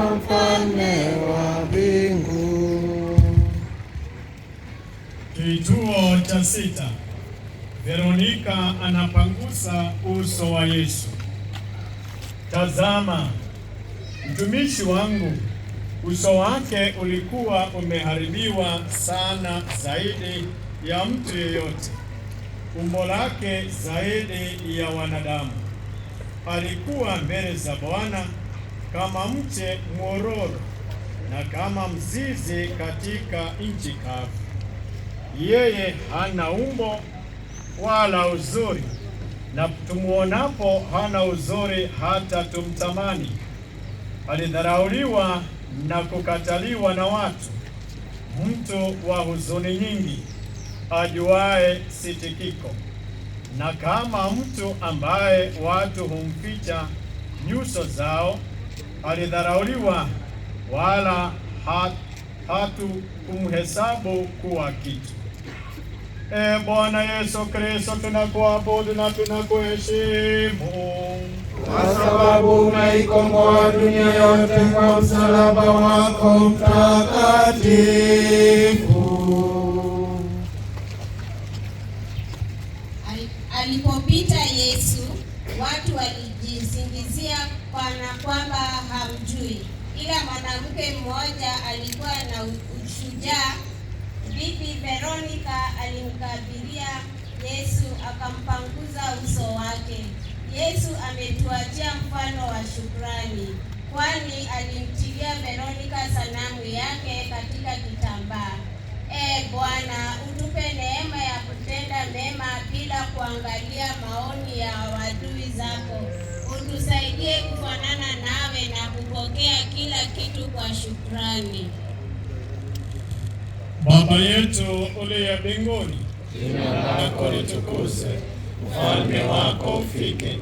mfalme wa mbingu. Kituo cha sita. Veronika anapangusa uso wa Yesu. Tazama, mtumishi wangu uso wake ulikuwa umeharibiwa sana zaidi ya mtu yeyote, umbo lake zaidi ya wanadamu. Alikuwa mbele za Bwana kama mche mwororo na kama mzizi katika nchi kavu. Yeye hana umbo wala uzuri, na tumwonapo hana uzuri hata tumtamani. Alidharauliwa na kukataliwa na watu, mtu wa huzuni nyingi, ajuae sitikiko, na kama mtu ambaye watu humficha nyuso zao alidharauliwa, wala hatu kumhesabu kuwa kitu. E Bwana Yesu Kristo, tunakuabudu na tunakuheshimu kwa sababu umeikomboa dunia yote kwa msalaba wako mtakatifu. Alipopita Yesu watu walijisingizia kana kwamba hamjui, ila mwanamke mmoja alikuwa na ushujaa. Bibi Veronica alimkabilia Yesu akampanguza uso wake. Yesu ametuachia mfano wa shukrani, kwani alimtilia Veronica sanamu yake katika kitambaa. E Bwana kuangalia maoni ya wadui zako. Utusaidie kufanana nawe na kupokea kila kitu kwa shukrani. Baba yetu uliye mbinguni, jina lako litukuzwe, ufalme wako ufike,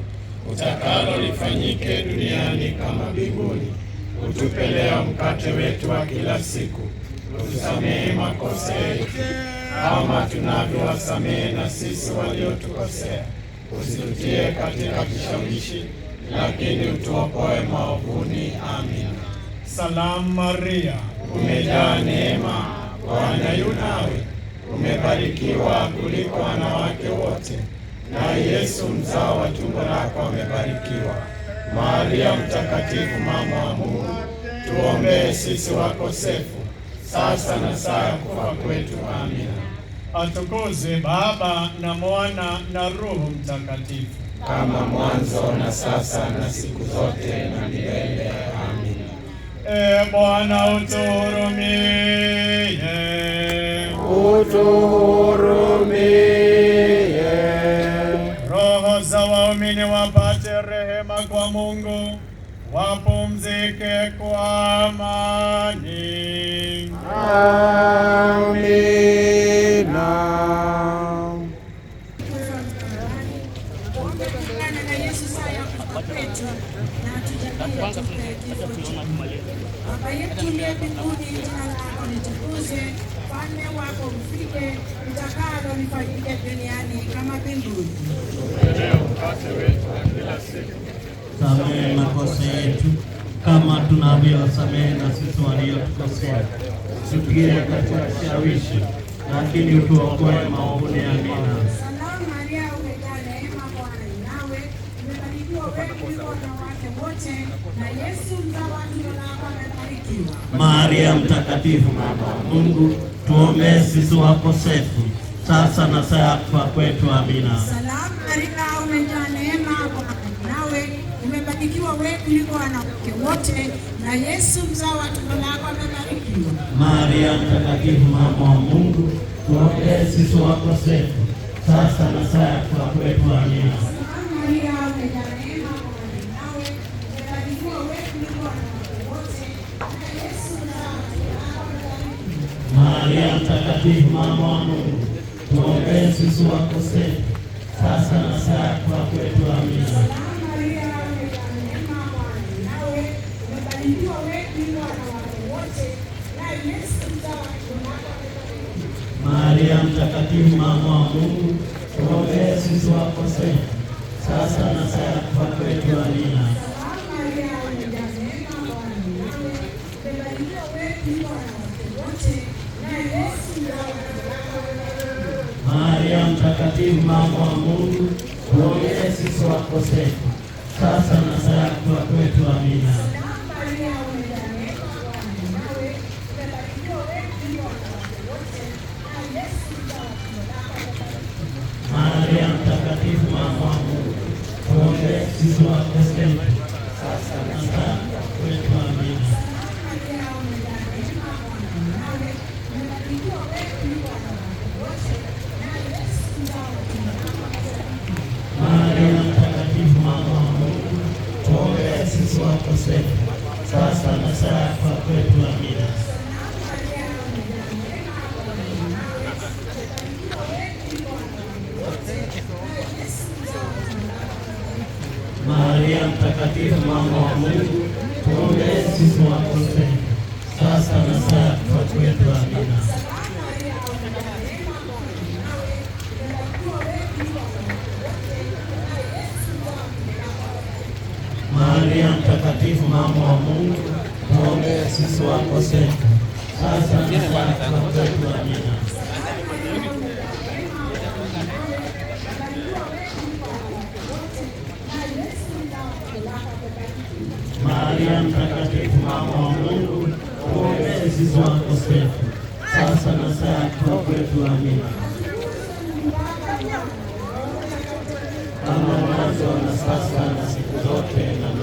utakalo lifanyike duniani kama mbinguni. Utupe leo mkate wetu wa kila siku, utusamehe makosa yetu kama tunavyowasamehe na sisi waliotukosea, usitutie katika kishawishi, lakini utuokoe maovuni. Amina. Salamu Maria, umejaa neema, Bwana yu nawe, umebarikiwa kuliko wanawake wote, na Yesu mzao wa tumbo lako amebarikiwa. Maria mtakatifu, mama wa Mungu, tuombee sisi wakosefu sasa na saa ya kufa kwetu. Amina. Atukuze Baba na Mwana na Roho Mtakatifu, kama mwanzo na sasa na siku zote na milele. Amina. E Bwana utuhurumie, utuhurumie. Roho za waumini wapate rehema kwa Mungu, wapumzike kwa amani. Amina. Baba yetu uliye mbinguni, jina lako litukuzwe, ufalme wako ufike, utakalo lifanyike duniani kama mbinguni. Leo mkate wetu wa kila siku, samehe makosa yetu kama tunavyowasamehe na sisi waliotukosea, tusitie katika kishawishi, lakini utuokoe maovuni. Amina. Maria, Mtakatifu, mama Mungu, tuombee sisi wakosefu, sasa na saa ya kufa kwetu. Amina. Salamu Maria amebarikiwa wewe kuliko wanawake wote, na Yesu mzao wa tumbo lako amebarikiwa. Maria mtakatifu, mama wa Mungu, tuombee sisi wakosefu sasa na saa ya kufa kwetu. Amina. Maria Maria mtakatifu, mama wa Mungu, tuombee sisi wakosefu sasa na saa ya kufa kwetu. Amina. Maria mtakatifu, mama wa Mungu, tuombee sisi wakosefu, sasa na saa ya kufa kwetu. Amina. Maria mtakatifu, mama wa Mungu, tuombee sisi wakosefu, sasa na saa ya kufa kwetu. Amina. mtakatifu mama wa Mungu, tuombee sisi wapeseni sasa na saa kwetu na Mtakatifu mamãe, promesse Mungu, tuombe sisi wakosefu sasa na saa ya kufa kwetu. Amina. Maria Mtakatifu mamãe, promesse Mungu, tuombe sisi wakosefu sasa na saa ya kufa kwetu. Amina. Maria Mtakatifu, mama wa Mungu, uombee sisi wakosefu sasa na saa ya kufa kwetu. Amina. Kama mwanzo na sasa na siku zote na